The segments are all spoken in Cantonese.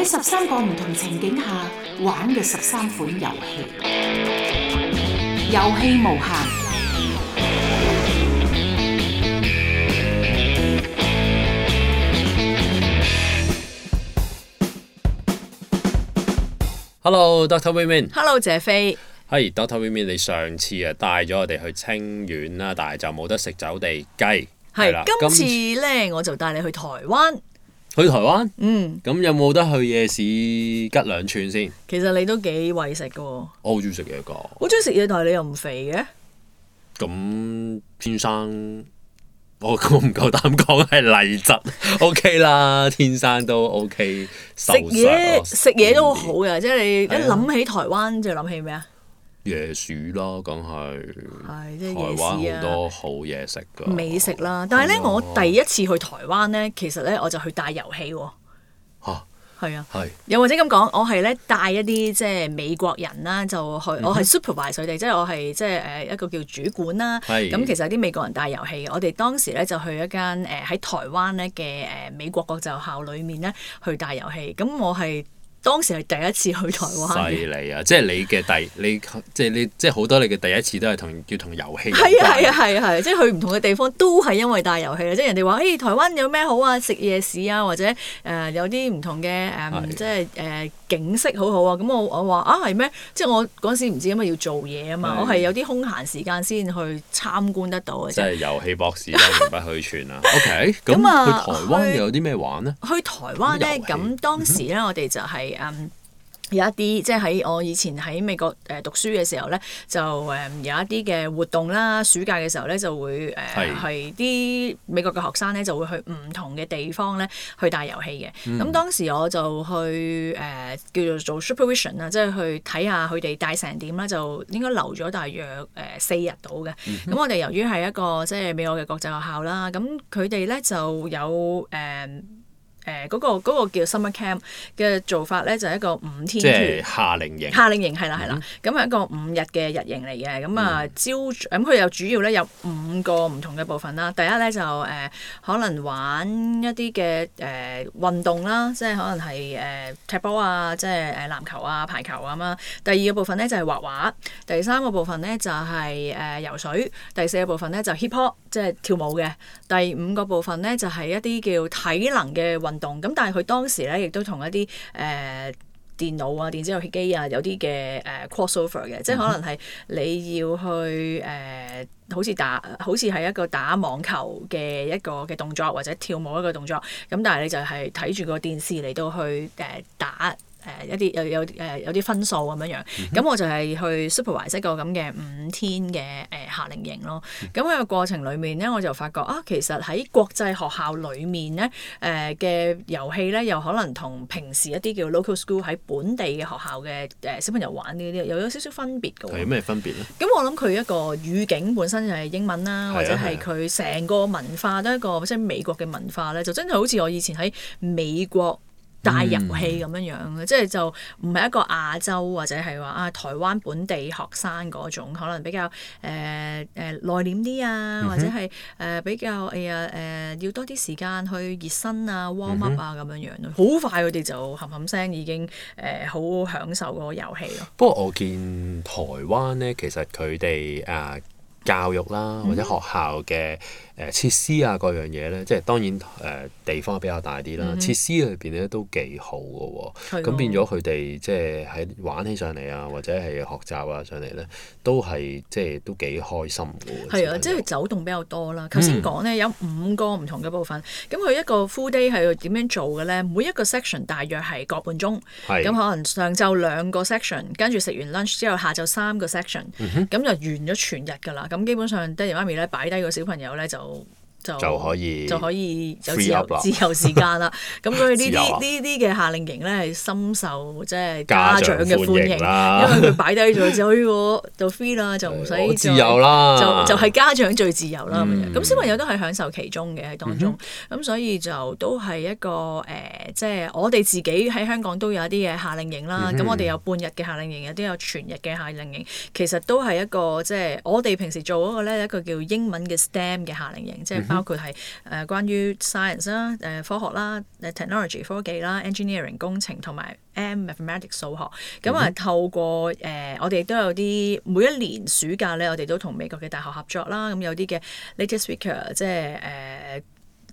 喺十三個唔同情景下玩嘅十三款遊戲，遊戲無限。Hello，Doctor Vivian。Hello，謝飛。Hi Doctor Vivian，你上次啊帶咗我哋去清遠啦，但係就冇得食走地雞。係啦，是了今次咧，今我就帶你去台灣。去台灣，嗯，咁有冇得去夜市吉兩串先？其實你都幾為食嘅喎、哦。我好中意食嘢㗎。好中意食嘢，但係你又唔肥嘅。咁，天生，我唔夠膽講係麗質 ，OK 啦，天生都 OK。食嘢食嘢都好嘅、啊，即係你一諗起台灣就諗起咩啊？夜市咯，梗係。係。台灣好多好嘢食㗎。美食啦，但係咧，啊、我第一次去台灣咧，其實咧，我就去帶遊戲。嚇！係啊。係。又或者咁講，我係咧帶一啲即係美國人啦，就去我係 supervise 佢哋，即係我係即係誒一個叫主管啦。咁係。其實啲美國人帶遊戲我哋當時咧就去一間誒喺台灣咧嘅誒美國國際學校裏面咧去帶遊戲，咁我係。當時係第一次去台灣，犀利啊！即係你嘅第，你即係你即係好多你嘅第一次都係同要同遊戲有關。係啊係啊，係啊係！即係去唔同嘅地方都係因為帶遊戲，即係人哋話，誒台灣有咩好啊？食夜市啊，或者誒、呃、有啲唔同嘅誒、呃，即係誒。呃景色好好啊！咁我我話啊係咩？即係我嗰陣時唔知因為要做嘢啊嘛，的我係有啲空閒時間先去參觀得到嘅，即係遊戲博士啦，名不虛傳啊。OK，咁去台灣又有啲咩玩咧？去台灣咧，咁當時咧，我哋就係、是、嗯哼。嗯有一啲即係喺我以前喺美國誒、呃、讀書嘅時候咧，就誒、呃、有一啲嘅活動啦。暑假嘅時候咧，就會誒係啲美國嘅學生咧，就會去唔同嘅地方咧去帶遊戲嘅。咁、嗯、當時我就去誒、呃、叫做做 supervision 啦，即係去睇下佢哋帶成點啦，就應該留咗大約誒四日到嘅。咁、呃嗯、哼我哋由於係一個即係美國嘅國際學校啦，咁佢哋咧就有誒。呃誒嗰、那個嗰、那個叫 summer camp 嘅做法咧，就係、是、一個五天，天，即係夏令營。夏令營係啦係啦，咁係一個五日嘅日營嚟嘅。咁啊朝咁佢又主要咧有五個唔同嘅部分啦。第一咧就誒、呃、可能玩一啲嘅誒運動啦，即係可能係誒、呃、踢波啊，即係誒籃球啊、排球啊咁啦。第二個部分咧就係畫畫。第三個部分咧就係、是、誒、呃、游水。第四個部分咧就 hip hop，即係跳舞嘅。第五個部分咧就係、是、一啲叫體能嘅運。動咁，但係佢當時咧，亦都同一啲誒、呃、電腦啊、電子遊戲機啊，有啲嘅誒 cross over 嘅，即係可能係你要去誒、呃，好似打，好似係一個打網球嘅一個嘅動作，或者跳舞一個動作，咁但係你就係睇住個電視嚟到去誒、呃、打。誒、呃、一啲又有誒、呃、有啲分數咁樣樣，咁、嗯、哼我就係去 supervise 一個咁嘅五天嘅誒夏令營咯。咁喺個過程裡面咧，我就發覺啊，其實喺國際學校裡面咧，誒、呃、嘅遊戲咧，又可能同平時一啲叫 local school 喺本地嘅學校嘅誒、呃、小朋友玩呢啲，有少少分別嘅喎、啊。佢有咩分別咧？咁我諗佢一個語境本身就係英文啦，或者係佢成個文化都係一個、嗯、即係美國嘅文化咧，就真係好似我以前喺美國。大遊戲咁樣樣，即係就唔係一個亞洲或者係話啊台灣本地學生嗰種，可能比較誒誒、呃呃、內斂啲啊，mm hmm. 或者係誒、呃、比較誒啊誒，要多啲時間去熱身啊 warm up 啊咁、mm hmm. 樣樣咯，好快佢哋就冚冚聲已經誒、呃、好享受嗰個遊戲咯。不過我見台灣咧，其實佢哋啊～教育啦，或者學校嘅誒、呃、設施啊，各樣嘢咧，即係當然誒、呃、地方比較大啲啦。嗯、哼設施裏邊咧都幾好嘅喎，咁、嗯、哼變咗佢哋即係喺玩起上嚟啊，或者係學習啊上嚟咧，都係即係都幾開心嘅。係啊的，即係走動比較多啦。頭先講咧有五個唔同嘅部分，咁佢、嗯、哼一個 full day 係點樣做嘅咧？每一個 section 大約係個半鐘，咁的可能上晝兩個 section，跟住食完 lunch 之後下晝三個 section，咁、嗯、哼就完咗全日㗎啦。咁基本上，爹哋媽咪咧，擺低個小朋友咧，就，就可以就可以有自由自由時間啦。咁所以呢啲呢啲嘅夏令營咧，係深受即係家長嘅歡迎啦，因為佢擺低咗，就可 free 啦，就唔使自由啦，就就係家長最自由啦。咁小朋友都係享受其中嘅喺當中。咁所以就都係一個誒，即係我哋自己喺香港都有一啲嘅夏令營啦。咁我哋有半日嘅夏令營，有啲有全日嘅夏令營。其實都係一個即係我哋平時做嗰個咧，一個叫英文嘅 STEM 嘅夏令營，即係。包括係誒關於 science 啦、誒科學啦、誒 technology 科技啦、engineering 工程同埋 M mathematics 數學。咁啊，透過誒我哋都有啲每一年暑假咧，我哋都同美國嘅大學合作啦。咁有啲嘅 latest speaker 即係誒。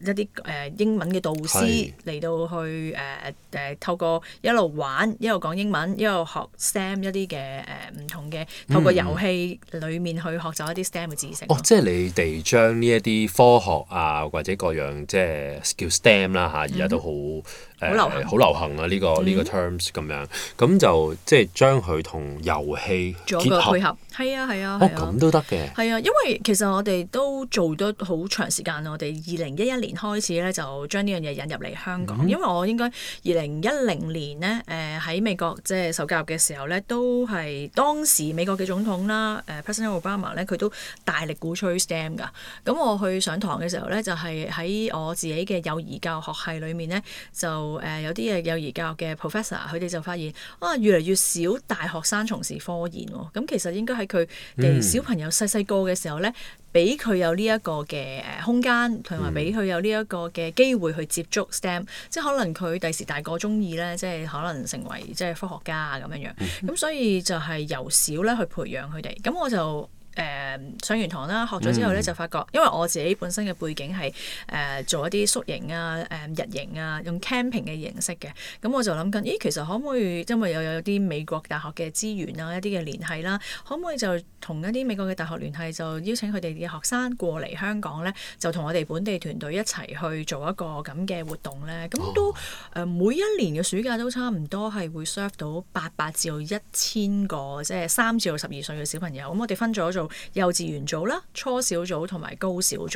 一啲誒、呃、英文嘅導師嚟是到去誒誒、呃呃、透過一路玩一路講英文一路學 STEM 一啲嘅誒唔同嘅，透過遊戲裏面去學習一啲 STEM 嘅知識，嗯。哦，即係你哋將呢一啲科學啊或者各樣即係叫 STEM 啦、啊、嚇，而家都好。嗯好流行，好、呃、流行啊！呢、這個呢、mm hmm. 個 terms 咁樣，咁就即係將佢同遊戲配合，係合啊係啊哦，咁都得嘅。係啊，因為其實我哋都做咗好長時間。我哋二零一一年開始咧，就將呢樣嘢引入嚟香港。Mm hmm. 因為我應該二零一零年呢，誒、呃、喺美國即係受教育嘅時候咧，都係當時美國嘅總統啦，誒、呃、President Obama 咧，佢都大力鼓吹 STEM 噶。咁我去上堂嘅時候咧，就係、是、喺我自己嘅幼兒教學係裏面咧就呢。就是誒、呃、有啲嘅幼兒教育嘅 professor，佢哋就發現，啊，越嚟越少大學生從事科研喎。咁、啊、其實應該喺佢哋小朋友細細個嘅時候咧，俾佢、嗯、有呢一個嘅誒空間，同埋俾佢有呢一個嘅機會去接觸 STEM，即係可能佢第時大個中意咧，即係可能成為即係科學家啊咁樣樣。咁、啊嗯嗯、所以就係由小咧去培養佢哋。咁我就。誒、um, 上完堂啦，學咗之後咧就發覺，因為我自己本身嘅背景係誒、呃、做一啲宿營啊、誒日營啊，用 camping 嘅形式嘅，咁我就諗緊，咦，其實可唔可以因為又有啲美國大學嘅資源啊、一啲嘅聯繫啦，可唔可以就同一啲美國嘅大學聯繫，就邀請佢哋嘅學生過嚟香港咧，就同我哋本地團隊一齊去做一個咁嘅活動咧？咁都誒、呃、每一年嘅暑假都差唔多係會 serve 到八百至一千個，即係三至到十二歲嘅小朋友。咁我哋分咗做。幼稚園組啦、初小組同埋高小組，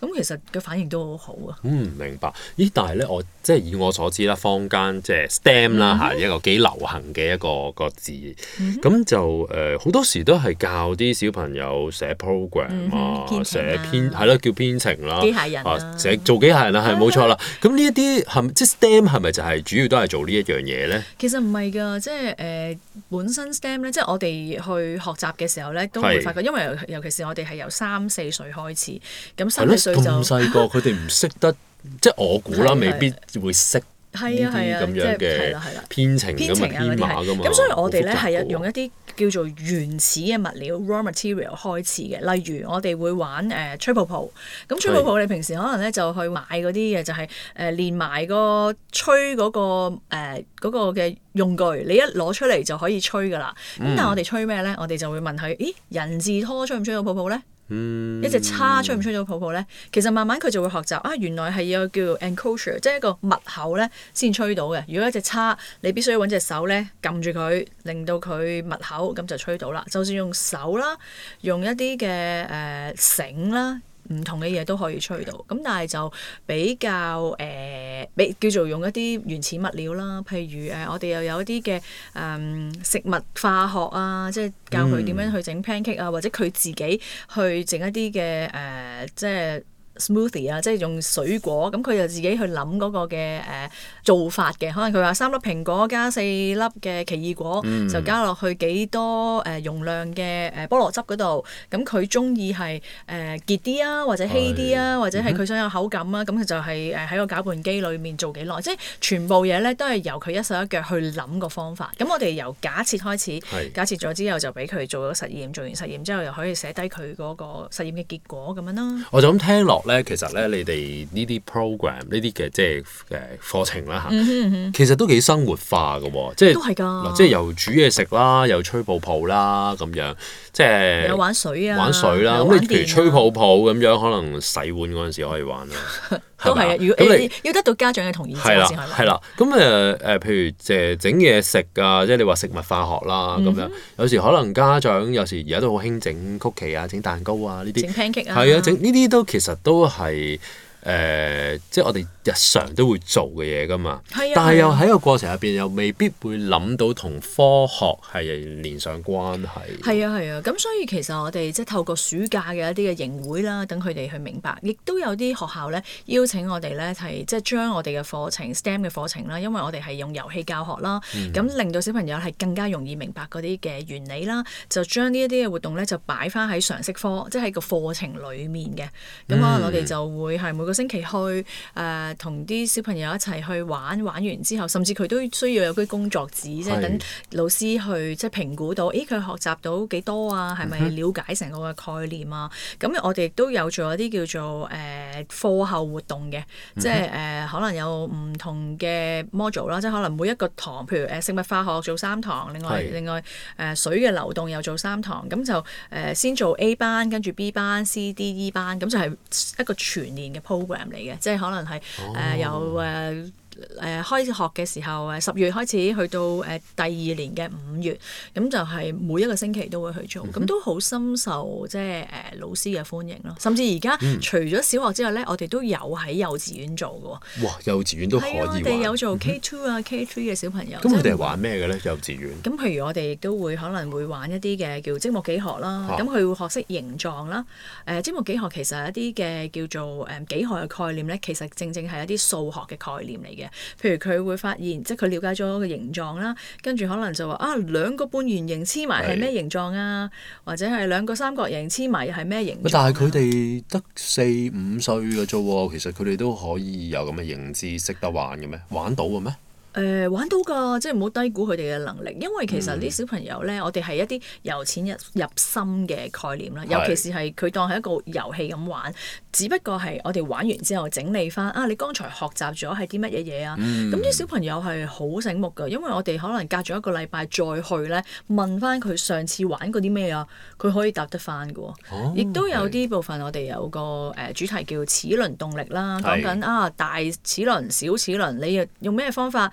咁其實佢反應都好好啊。嗯，明白。咦，但係咧，我即係以我所知啦，坊間即係 STEM 啦，係、就是嗯、哼一個幾流行嘅一個一個字。咁、嗯、哼就誒、好、呃、多時都係教啲小朋友寫 program 啊，寫編係咯，叫編程啦，機械人寫、啊啊、做機械人啦，係冇錯啦。咁呢一啲係，即係 STEM 係咪就係主要都係做呢一樣嘢咧？其實唔係噶，即係誒、呃，本身 STEM 咧，即係我哋去學習嘅時候咧，都會發覺因為。因為尤其是我哋係由三四歲開始，咁三四歲就，咁細個佢哋唔識得， 即係我估啦，未必會識。係啊係啊，即係啦係啦，編程咁啊，編碼噶嘛。咁所以我哋咧係用一啲叫做原始嘅物料 raw material 開始嘅。例如我哋會玩誒、呃、吹泡泡。咁吹泡泡你平時可能咧就去買嗰啲嘅，就係誒連埋個吹嗰、嗰個誒嗰、呃嗰個嘅用具。你一攞出嚟就可以吹噶啦。咁、嗯、但係我哋吹咩咧？我哋就會問佢：咦，人字拖吹唔吹到泡泡咧？ 一隻叉吹唔吹到泡泡咧？其實慢慢佢就會學習啊，原來係要叫做 enclosure，即係一個密口咧先吹到嘅。如果一隻叉，你必須要搵隻手咧撳住佢，令到佢密口，咁就吹到啦。就算用手啦，用一啲嘅誒繩啦。唔同嘅嘢都可以吹到，咁但係就比較誒，比、呃、叫做用一啲原始物料啦，譬如誒、呃，我哋又有一啲嘅誒食物化學啊，即係教佢點樣去整 pancake 啊，或者佢自己去整一啲嘅誒，即係。smoothie 啊，Smooth ie，即係用水果，咁、嗯、佢就自己去諗嗰個嘅誒、呃、做法嘅。可能佢話三粒蘋果加四粒嘅奇異果，嗯、就加落去幾多誒、呃、容量嘅誒、呃、菠蘿汁嗰度。咁佢中意係誒結啲啊，或者稀啲啊，或者係佢想有口感啊，咁、哎嗯、佢就係誒喺個攪拌機裡面做幾耐。即係全部嘢咧都係由佢一手一腳去諗個方法。咁我哋由假設開始，是假設咗之後就俾佢做個實驗，做完實驗之後又可以寫低佢嗰個實驗嘅結果咁樣咯。我就咁聽落。咧，其實咧，你哋呢啲 program，呢啲嘅即係誒課程啦嚇，其實都幾生活化嘅喎，即係都係㗎，即係又煮嘢食啦，又吹泡泡啦，咁樣即係玩水啊，玩水啦。咁你譬如吹泡泡咁樣，可能洗碗嗰陣時可以玩啊。都係啊，如果要得到家長嘅同意先係啦，係啦。咁誒誒，譬如誒整嘢食啊，即係你話食物化學啦，咁樣有時可能家長有時而家都好興整曲奇啊，整蛋糕啊呢啲，整 pancake 啊，係啊，整呢啲都其實都。都係誒、呃，即係我哋日常都會做嘅嘢㗎嘛，啊、但係又喺個過程入邊又未必會諗到同科學係連上關係。係啊係啊，咁、啊、所以其實我哋即係透過暑假嘅一啲嘅營會啦，等佢哋去明白，亦都有啲學校咧邀請我哋咧係即係將我哋嘅課程 STEM 嘅課程啦，因為我哋係用遊戲教學啦，咁、嗯、令到小朋友係更加容易明白嗰啲嘅原理啦，就將呢一啲嘅活動咧就擺翻喺常識科，即係喺個課程裡面嘅。咁可能我哋就會係每個星期去誒、呃同啲小朋友一齊去玩，玩完之後，甚至佢都需要有啲工作紙，是即係等老師去即係評估到，誒佢學習到幾多啊？係咪了解成個嘅概念啊？咁、嗯、哼我哋都有做一啲叫做誒、呃、課後活動嘅，即係誒、呃、可能有唔同嘅 module 啦，即係可能每一個堂，譬如誒食、呃、物化學做三堂，另外是另外誒、呃、水嘅流動又做三堂，咁就誒、呃、先做 A 班，跟住 B 班、C、D、E 班，咁就係一個全年嘅 program 嚟嘅，即係可能係。誒有誒。Uh, 誒、呃、開學嘅時候，誒十月開始去到誒、呃、第二年嘅五月，咁、嗯、就係、是、每一個星期都會去做，咁、嗯、哼都好深受即係誒老師嘅歡迎咯。甚至而家、嗯、除咗小學之後咧，我哋都有喺幼稚園做嘅喎。哇！幼稚園都可以、啊，我哋有做 K2 啊、嗯哼、K3 嘅小朋友。咁佢哋係玩咩嘅咧？幼稚園？咁譬如我哋亦都會可能會玩一啲嘅叫積木幾學啦，咁佢、啊、會學會識形狀啦。誒、呃、積木幾學其實係一啲嘅叫做誒幾何嘅概念咧，其實正正係一啲數學嘅概念嚟嘅。譬如佢會發現，即係佢了解咗個形狀啦，跟住可能就話啊兩個半圓形黐埋係咩形狀啊？或者係兩個三角形黐埋又係咩形狀啊？但係佢哋得四五歲嘅啫喎，其實佢哋都可以有咁嘅認知，識得玩嘅咩？玩到嘅咩？誒、呃、玩到㗎，即係唔好低估佢哋嘅能力，因為其實啲小朋友咧，嗯、我哋係一啲由淺入入深嘅概念啦，是尤其是係佢當係一個遊戲咁玩，只不過係我哋玩完之後整理翻啊，你剛才學習咗係啲乜嘢嘢啊？咁啲、嗯、小朋友係好醒目㗎，因為我哋可能隔咗一個禮拜再去咧，問翻佢上次玩過啲咩啊，佢可以答得翻㗎喎。亦、哦、都有啲部分我哋有個誒是、呃、主題叫齒輪動力啦，講緊是啊大齒輪、小齒輪，你用咩方法？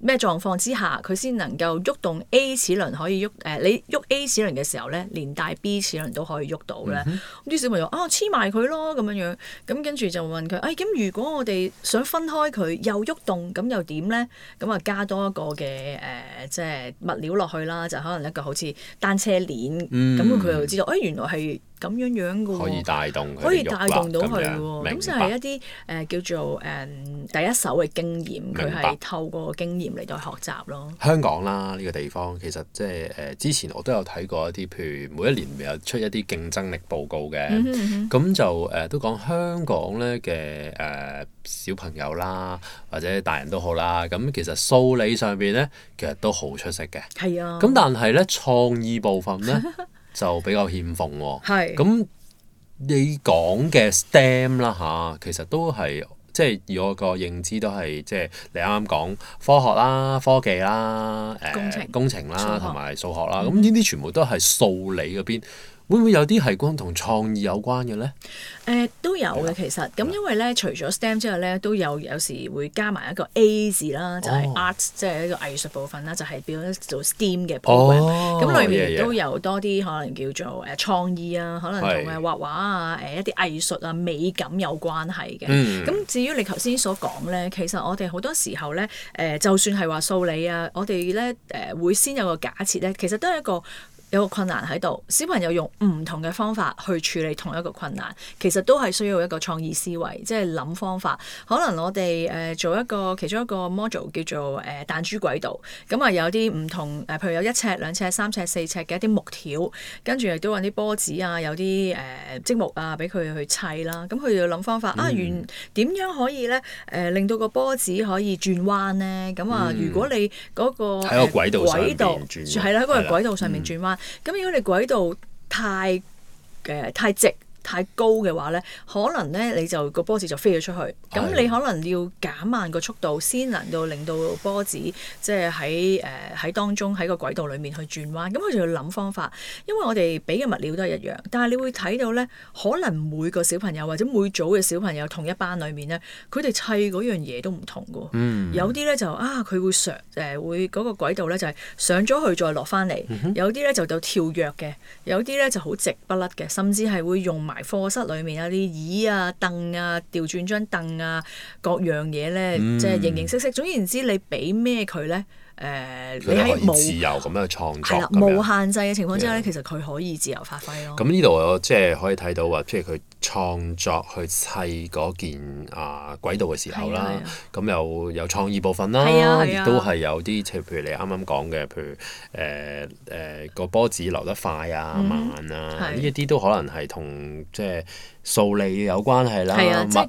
咩狀況之下佢先能夠喐動，動 A 齒輪可以喐誒、呃？你喐 A 齒輪嘅時候咧，連帶 B 齒輪都可以喐到咧。咁啲、嗯、哼小朋友啊，黐埋佢咯咁樣樣。咁跟住就問佢：誒、哎，咁如果我哋想分開佢又喐動，動，咁又點咧？咁啊，加多一個嘅誒、呃，即係物料落去啦，就可能一個好似單車鏈咁，佢、嗯、就知道誒、哎，原來係咁樣樣嘅、嗯、可以帶動，可以帶動到佢喎。咁就係一啲誒、呃、叫做誒第一手嘅經驗，佢係透過經驗。嚟到學習咯，香港啦呢、呢個地方其實即係誒之前我都有睇過一啲，譬如每一年咪有出一啲競爭力報告嘅，咁、嗯嗯、就誒、呃、都講香港咧嘅誒小朋友啦，或者大人都好啦，咁其實數理上邊咧其實都好出色嘅，係啊，咁但係咧創意部分咧 就比較欠奉，係咁你講嘅 STEM 啦、啊、吓，其實都係。即係以我個認知都係，即係你啱啱講科學啦、科技啦、誒、呃、工程、工程啦同埋學數學啦，咁呢啲全部都係數理嗰邊。會唔會有啲係關同創意有關嘅咧？誒、呃、都有嘅，其實咁因為咧，除咗 STEM 之外咧，都有有時會加埋一個 A 字啦，就係 a r t 即係一個藝術部分啦，就係變咗做 STEM 嘅部分。咁裏面都有多啲、嗯、可能叫做誒創意啊，的可能同誒畫畫啊、誒、呃、一啲藝術啊、美感有關係嘅。咁、嗯、至於你頭先所講咧，其實我哋好多時候咧誒、呃，就算係話數理啊，我哋咧誒會先有個假設咧，其實都係一個。有個困難喺度，小朋友用唔同嘅方法去處理同一個困難，其實都係需要一個創意思維，即係諗方法。可能我哋誒、呃、做一個其中一個 module 叫做誒彈、呃、珠軌道，咁啊有啲唔同誒譬如有一尺、兩、嗯、尺、三、嗯、尺、四尺嘅一啲木條跟住亦都揾啲波子啊，有啲誒積木啊，俾佢去砌啦。咁佢要諗方法啊，原點樣可以咧誒令到個波子可以轉彎咧？咁啊，如果你嗰、嗰個喺個軌道軌道係啦，喺個軌道上面轉彎。道咁如果你軌道太誒，呃，太直。太高嘅話咧，可能咧你就個波子就飛咗出去。咁你可能要減慢個速度，先能夠令到波子即係喺誒喺當中喺個軌道裏面去轉彎，咁佢就要諗方法，因為我哋俾嘅物料都係一樣，但係你會睇到咧，可能每個小朋友或者每組嘅小朋友同一班裏面咧，佢哋砌嗰樣嘢都唔同嘅。嗯。有啲咧就啊，佢會上誒、呃、會嗰個軌道咧，就係上咗去再落翻嚟。有啲咧就到跳躍嘅，有啲咧就好直不甩嘅，甚至係會用埋。課室裏面有啲椅啊、凳啊、調轉張凳啊，各樣嘢咧，嗯、即係形形色色。總言之你，你俾咩佢咧？誒，你喺冇自由咁樣去創作，係啦，冇限制嘅情況之下咧，Yeah. 其實佢可以自由發揮咯。咁呢度我即係可以睇到話，即係佢創作去砌嗰件啊軌道嘅時候啦，咁又有創意部分啦，亦都係有啲，譬如你啱啱講嘅，譬如誒誒個波子流得快啊、慢啊，呢一啲都可能係同即係數理有關係啦，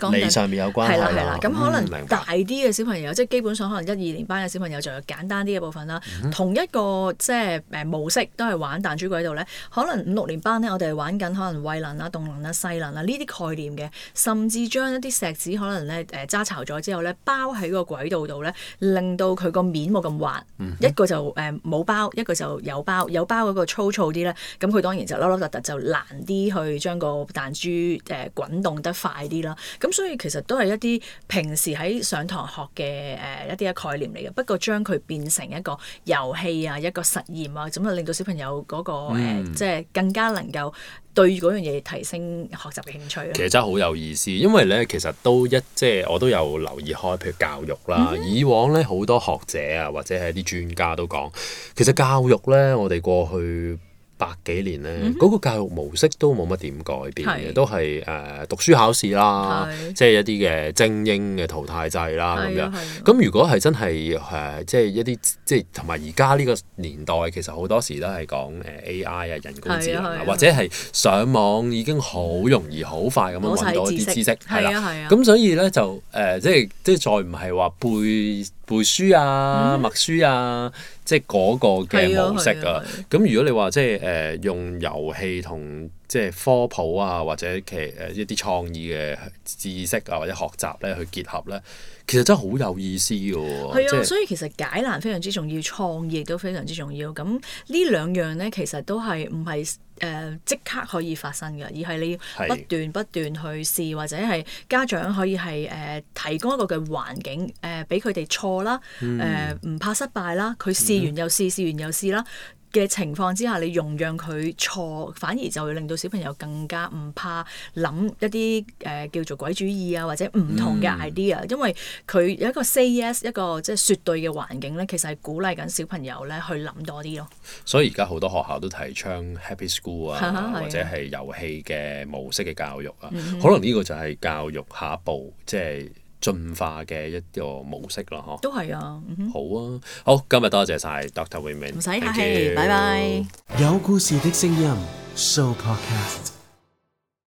物理上面有關係啦。咁可能大啲嘅小朋友，即係基本上可能一、二年班嘅小朋友，就有簡單啲嘅部分啦。同一個即係誒模式都係玩彈珠軌道咧，可能五六年班咧，我哋玩緊可能位能啊、動能啊、勢能呢啲、啊、概念嘅，甚至將一啲石子可能咧誒揸巢咗之後咧，包喺個軌道度咧，令到佢個面冇咁滑。嗯、哼一個就誒冇、呃、包，一個就有包。有包嗰個粗糙啲咧，咁佢當然就凹凹凸凸就難啲去將個彈珠誒、呃、滾動得快啲啦。咁所以其實都係一啲平時喺上堂學嘅誒、呃、一啲嘅概念嚟嘅。不過將佢變成一個遊戲啊，一個實驗啊，咁就令到小朋友嗰、那個、呃嗯呃、即係更加能夠。對嗰樣嘢提升學習嘅興趣啦。其實真係好有意思，因為咧，其實都一即係我都有留意開，譬如教育啦。Mm hmm. 以往咧，好多學者啊，或者係啲專家都講，其實教育咧，我哋過去。百幾年咧，嗰個教育模式都冇乜點改變嘅，都係誒讀書考試啦，即係一啲嘅精英嘅淘汰制啦咁樣。咁如果係真係誒，即係一啲即係同埋而家呢個年代，其實好多時都係講誒 AI 啊，人工智能啊，或者係上網已經好容易、好快咁樣揾到一啲知識係啦。咁所以咧就誒，即係即係再唔係話背。背書啊、默書啊，嗯、即係嗰個嘅模式啊。咁、啊啊啊、如果你話即係誒、呃、用遊戲同即係科普啊，或者其誒、呃、一啲創意嘅知識啊，或者學習咧去結合咧。其實真係好有意思嘅喎，係啊的，就係、所以其實解難非常之重要，創意都非常之重要。咁呢兩樣咧，其實都係唔係誒即刻可以發生嘅，而係你不斷不斷去試，或者係家長可以係誒、呃、提供一個嘅環境誒，俾佢哋錯啦，誒唔、嗯呃、怕失敗啦，佢試完又試，嗯、試完又試啦。嘅情況之下，你容讓佢錯，反而就會令到小朋友更加唔怕諗一啲誒、呃、叫做鬼主意啊，或者唔同嘅 idea、嗯。因為佢有一個 say yes 一個即係説對嘅環境咧，其實係鼓勵緊小朋友咧去諗多啲咯。所以而家好多學校都提倡 happy school 啊，嗯、或者係遊戲嘅模式嘅教育啊，嗯、可能呢個就係教育下一步即係。就是進化嘅一個模式咯，嗬。都係啊，嗯、好啊，好，今日多謝晒 Doctor William。唔使客氣，下期拜拜。有故事嘅聲音，Show Podcast。